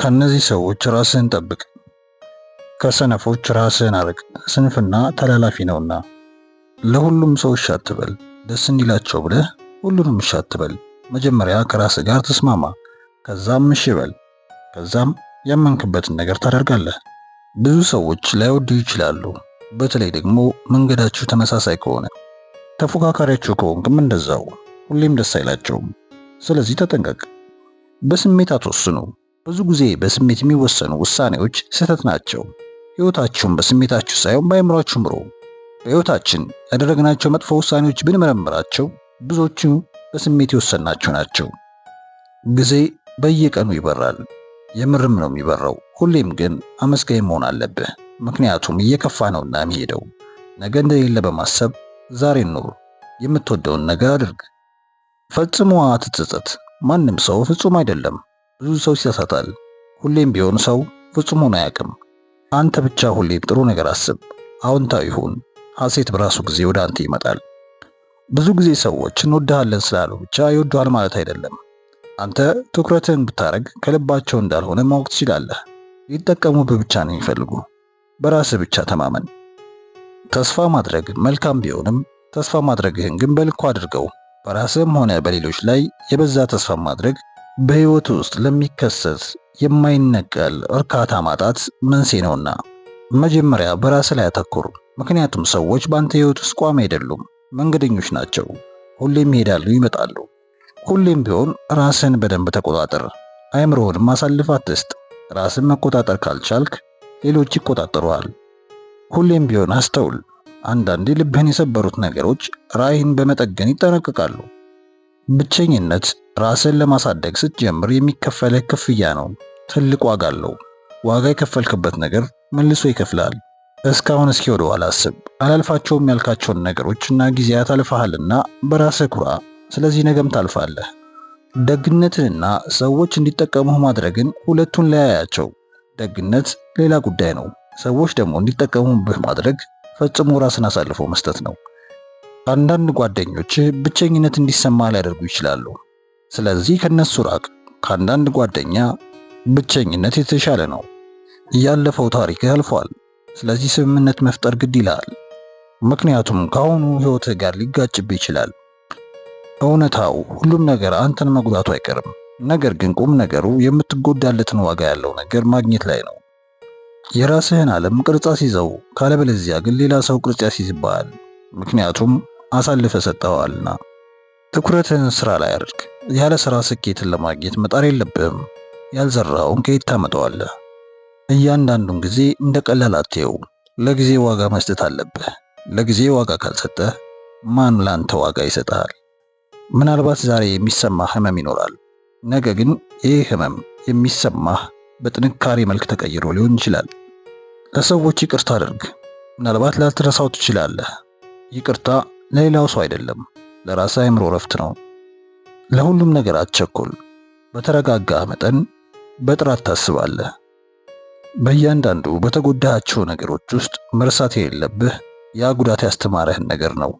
ከነዚህ ሰዎች ራስህን ጠብቅ፣ ከሰነፎች ራስህን አርቅ። ስንፍና ተላላፊ ነውና ለሁሉም ሰው እሺ አትበል። ደስ እንዲላቸው ብለህ ሁሉንም እሺ አትበል። መጀመሪያ ከራስህ ጋር ተስማማ፣ ከዛም እሺ በል። ከዛም ያመንክበትን ነገር ታደርጋለህ። ብዙ ሰዎች ላይወዱ ይችላሉ፣ በተለይ ደግሞ መንገዳችሁ ተመሳሳይ ከሆነ። ተፎካካሪያችሁ ከሆንክም እንደዛው፣ ሁሌም ደስ አይላቸውም። ስለዚህ ተጠንቀቅ፣ በስሜት አትወስኑ። ብዙ ጊዜ በስሜት የሚወሰኑ ውሳኔዎች ስህተት ናቸው። ሕይወታችሁን በስሜታችሁ ሳይሆን በአእምሯችሁ ምሩ። በሕይወታችን ያደረግናቸው መጥፎ ውሳኔዎች ብንመረምራቸው ብዙዎቹ በስሜት የወሰንናቸው ናቸው። ጊዜ በየቀኑ ይበራል። የምርም ነው የሚበራው። ሁሌም ግን አመስጋኝ መሆን አለብህ፣ ምክንያቱም እየከፋ ነውና የሚሄደው። ነገ እንደሌለ በማሰብ ዛሬ ኑር። የምትወደውን ነገር አድርግ። ፈጽሞ አትጸጸት። ማንም ሰው ፍጹም አይደለም። ብዙ ሰው ይሳሳታል። ሁሌም ቢሆን ሰው ፍጹም ሆኖ አያውቅም። አንተ ብቻ ሁሌም ጥሩ ነገር አስብ፣ አዎንታዊ ሁን። ሐሴት በራሱ ጊዜ ወደ አንተ ይመጣል። ብዙ ጊዜ ሰዎች እንወድሃለን ስላሉ ብቻ ይወዱሃል ማለት አይደለም። አንተ ትኩረትህን ብታደርግ ከልባቸው እንዳልሆነ ማወቅ ትችላለህ። ሊጠቀሙብህ ብቻ ነው የሚፈልጉ። በራስህ ብቻ ተማመን። ተስፋ ማድረግ መልካም ቢሆንም ተስፋ ማድረግህን ግን በልኩ አድርገው። በራስህም ሆነ በሌሎች ላይ የበዛ ተስፋ ማድረግ በህይወት ውስጥ ለሚከሰት የማይነቀል እርካታ ማጣት መንስኤ ነውና መጀመሪያ በራስ ላይ አተኩር። ምክንያቱም ሰዎች በአንተ ህይወት ውስጥ ቋሚ አይደሉም፣ መንገደኞች ናቸው። ሁሌም ይሄዳሉ፣ ይመጣሉ። ሁሌም ቢሆን ራስን በደንብ ተቆጣጠር። አይምሮህን ማሳልፍ አትስጥ። ራስን መቆጣጠር ካልቻልክ ሌሎች ይቆጣጠሩሃል። ሁሌም ቢሆን አስተውል። አንዳንዴ ልብህን የሰበሩት ነገሮች ራዕይን በመጠገን ይጠናቀቃሉ። ብቸኝነት ራስን ለማሳደግ ስትጀምር የሚከፈለ ክፍያ ነው። ትልቅ ዋጋ አለው። ዋጋ የከፈልክበት ነገር መልሶ ይከፍላል። እስካሁን እስኪ ወደ ኋላ አስብ። አላልፋቸውም ያልካቸውን ነገሮች እና ጊዜያት አልፈሃልና በራስህ ኩራ። ስለዚህ ነገም ታልፋለህ። ደግነትንና ሰዎች እንዲጠቀሙህ ማድረግን ሁለቱን ለያያቸው። ደግነት ሌላ ጉዳይ ነው። ሰዎች ደግሞ እንዲጠቀሙብህ ማድረግ ፈጽሞ ራስን አሳልፎ መስጠት ነው። አንዳንድ ጓደኞችህ ብቸኝነት እንዲሰማ ሊያደርጉ ይችላሉ። ስለዚህ ከነሱ ራቅ። ከአንዳንድ ጓደኛ ብቸኝነት የተሻለ ነው። ያለፈው ታሪክ ያልፏል። ስለዚህ ስምምነት መፍጠር ግድ ይላል። ምክንያቱም ከአሁኑ ህይወትህ ጋር ሊጋጭብ ይችላል። እውነታው ሁሉም ነገር አንተን መጉዳቱ አይቀርም። ነገር ግን ቁም ነገሩ የምትጎዳለትን ዋጋ ያለው ነገር ማግኘት ላይ ነው። የራስህን ዓለም ቅርጽ አስይዘው፣ ካለበለዚያ ግን ሌላ ሰው ቅርጽ ያስይዝብሃል። ምክንያቱም አሳልፈ ሰጥተዋልና። ትኩረትን ስራ ላይ አድርግ። ያለ ስራ ስኬትን ለማግኘት መጣር የለብህም። ያልዘራውን ከየት ታመጣዋለህ? እያንዳንዱን ጊዜ እንደ ቀላል አትየው። ለጊዜ ዋጋ መስጠት አለብህ። ለጊዜ ዋጋ ካልሰጠህ ማን ላንተ ዋጋ ይሰጣል? ምናልባት ዛሬ የሚሰማ ህመም ይኖራል። ነገ ግን ይህ ህመም የሚሰማህ በጥንካሬ መልክ ተቀይሮ ሊሆን ይችላል። ለሰዎች ይቅርታ አድርግ። ምናልባት ላልትረሳው ትችላለህ። ይቅርታ ለሌላው ሰው አይደለም ለራስ አእምሮ ረፍት ነው። ለሁሉም ነገር አትቸኩል። በተረጋጋ መጠን በጥራት ታስባለህ። በእያንዳንዱ በተጎዳሃቸው ነገሮች ውስጥ መርሳት የሌለብህ ያ ጉዳት ያስተማረህን ነገር ነው።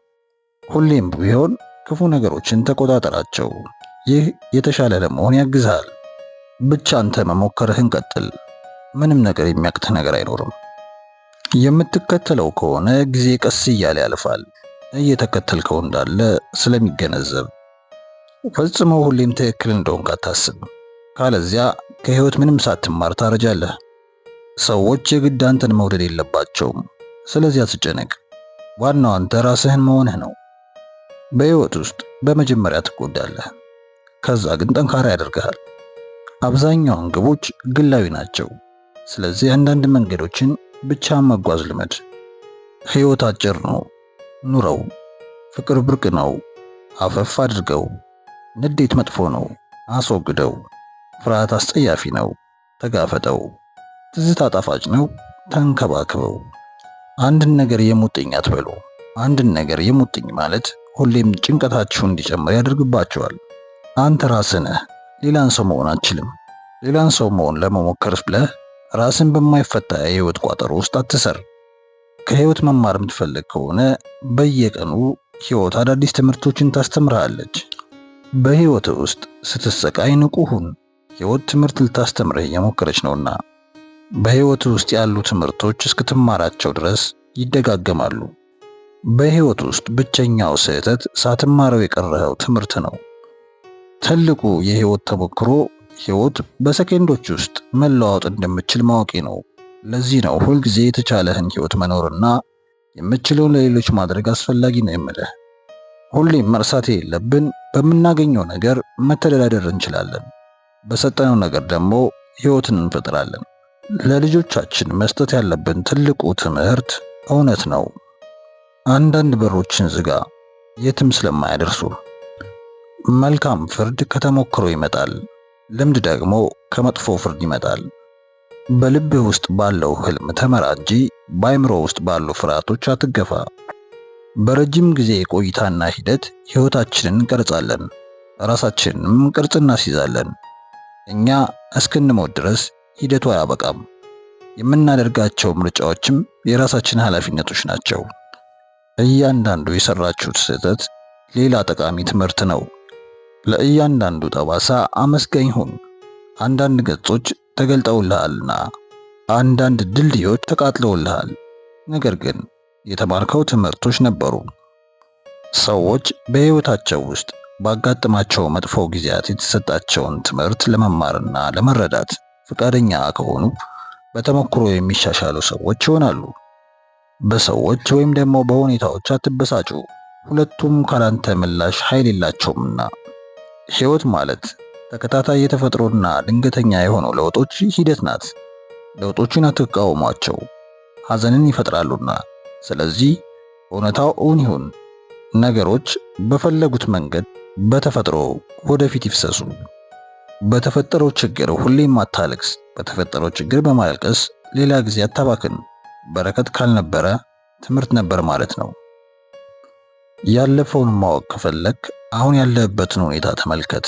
ሁሌም ቢሆን ክፉ ነገሮችን ተቆጣጠራቸው። ይህ የተሻለ ለመሆን ያግዝሃል። ብቻ አንተ መሞከርህን ቀጥል። ምንም ነገር የሚያቅትህ ነገር አይኖርም። የምትከተለው ከሆነ ጊዜ ቀስ እያለ ያልፋል። እየተከተልከው እንዳለ ስለሚገነዘብ ፈጽሞ ሁሌም ትክክል እንደሆንክ አታስብም። ካለዚያ ከህይወት ምንም ሳትማር ታረጃለህ። ሰዎች የግድ አንተን መውደድ የለባቸውም። ስለዚህ አትጨነቅ። ዋናው አንተ ራስህን መሆንህ ነው። በህይወት ውስጥ በመጀመሪያ ትጎዳለህ፣ ከዛ ግን ጠንካራ ያደርግሃል። አብዛኛውን ግቦች ግላዊ ናቸው። ስለዚህ አንዳንድ መንገዶችን ብቻ መጓዝ ልመድ። ህይወት አጭር ነው። ኑረው። ፍቅር ብርቅ ነው፣ አፈፍ አድርገው። ንዴት መጥፎ ነው፣ አስወግደው። ፍርሃት አስጸያፊ ነው፣ ተጋፈጠው። ትዝታ ጣፋጭ ነው፣ ተንከባክበው። አንድን ነገር የሙጥኝ አትበሉ። አንድን ነገር የሙጥኝ ማለት ሁሌም ጭንቀታችሁን እንዲጨምር ያደርግባቸዋል። አንተ ራስህ ነህ፣ ሌላን ሰው መሆን አትችልም። ሌላን ሰው መሆን ለመሞከር ብለህ ራስን በማይፈታ የህይወት ቋጠሮ ውስጥ አትሰር። ከህይወት መማር የምትፈልግ ከሆነ በየቀኑ ህይወት አዳዲስ ትምህርቶችን ታስተምርሃለች። በህይወት ውስጥ ስትሰቃይ ንቁ ሁን። ህይወት ትምህርት ልታስተምርህ እየሞከረች ነውና በህይወት ውስጥ ያሉ ትምህርቶች እስክትማራቸው ድረስ ይደጋገማሉ። በህይወት ውስጥ ብቸኛው ስህተት ሳትማረው የቀረኸው ትምህርት ነው። ትልቁ የህይወት ተሞክሮ ህይወት በሰኬንዶች ውስጥ መለዋወጥ እንደምችል ማወቂ ነው። ለዚህ ነው ሁልጊዜ የተቻለህን ህይወት መኖርና የምችለውን ለሌሎች ማድረግ አስፈላጊ ነው የምልህ። ሁሌም መርሳት የለብን፣ በምናገኘው ነገር መተዳደር እንችላለን። በሰጠነው ነገር ደግሞ ህይወትን እንፈጥራለን። ለልጆቻችን መስጠት ያለብን ትልቁ ትምህርት እውነት ነው። አንዳንድ በሮችን ዝጋ፣ የትም ስለማያደርሱ። መልካም ፍርድ ከተሞክሮ ይመጣል፣ ልምድ ደግሞ ከመጥፎ ፍርድ ይመጣል። በልብ ውስጥ ባለው ህልም ተመራጂ፣ በአይምሮ ውስጥ ባሉ ፍርሃቶች አትገፋ። በረጅም ጊዜ ቆይታና ሂደት ህይወታችንን እንቀርጻለን፣ ራሳችንንም ቅርጽ እናስይዛለን። እኛ እስክንሞት ድረስ ሂደቱ አያበቃም። የምናደርጋቸው ምርጫዎችም የራሳችን ኃላፊነቶች ናቸው። እያንዳንዱ የሰራችሁት ስህተት ሌላ ጠቃሚ ትምህርት ነው። ለእያንዳንዱ ጠባሳ አመስጋኝ ሁን። አንዳንድ ገጾች ተገልጠውልሃልና አንዳንድ ድልድዮች ተቃጥለውልሃል። ነገር ግን የተማርከው ትምህርቶች ነበሩ። ሰዎች በሕይወታቸው ውስጥ ባጋጠማቸው መጥፎ ጊዜያት የተሰጣቸውን ትምህርት ለመማርና ለመረዳት ፈቃደኛ ከሆኑ በተሞክሮ የሚሻሻሉ ሰዎች ይሆናሉ። በሰዎች ወይም ደግሞ በሁኔታዎች አትበሳጩ፣ ሁለቱም ካላንተ ምላሽ ኃይል የላቸውምና። ሕይወት ማለት ተከታታይ የተፈጥሮና ድንገተኛ የሆኑ ለውጦች ሂደት ናት። ለውጦችን አትቃወሟቸው፣ ሐዘንን ይፈጥራሉና። ስለዚህ እውነታው እውን ይሁን፣ ነገሮች በፈለጉት መንገድ በተፈጥሮ ወደፊት ይፍሰሱ። በተፈጠረው ችግር ሁሌም አታልቅስ። በተፈጠረው ችግር በማልቀስ ሌላ ጊዜ አታባክን። በረከት ካልነበረ ትምህርት ነበር ማለት ነው። ያለፈውን ማወቅ ከፈለክ አሁን ያለበትን ሁኔታ ተመልከት።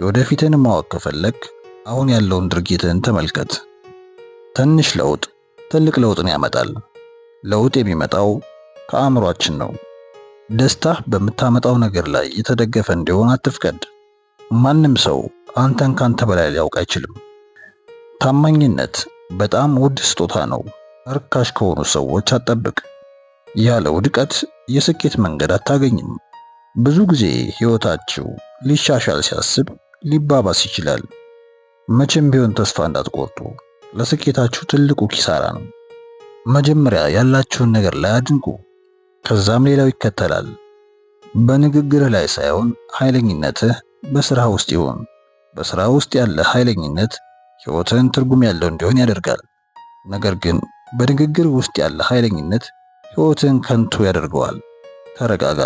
የወደፊትን ማወቅ ከፈለግ አሁን ያለውን ድርጊትን ተመልከት። ትንሽ ለውጥ ትልቅ ለውጥን ያመጣል። ለውጥ የሚመጣው ከአእምሯችን ነው። ደስታ በምታመጣው ነገር ላይ የተደገፈ እንዲሆን አትፍቀድ። ማንም ሰው አንተን ካንተ በላይ ሊያውቅ አይችልም። ታማኝነት በጣም ውድ ስጦታ ነው። እርካሽ ከሆኑ ሰዎች አትጠብቅ። ያለ ውድቀት የስኬት መንገድ አታገኝም። ብዙ ጊዜ ሕይወታችሁ ሊሻሻል ሲያስብ ሊባባስ ይችላል። መቼም ቢሆን ተስፋ እንዳትቆርጡ። ለስኬታችሁ ትልቁ ኪሳራ ነው። መጀመሪያ ያላችሁን ነገር ላይ አድንቁ፣ ከዛም ሌላው ይከተላል። በንግግርህ ላይ ሳይሆን ኃይለኝነትህ በስራ ውስጥ ይሁን። በስራ ውስጥ ያለ ኃይለኝነት ሕይወትን ትርጉም ያለው እንዲሆን ያደርጋል። ነገር ግን በንግግር ውስጥ ያለ ኃይለኝነት ሕይወትን ከንቱ ያደርገዋል። ተረጋጋ።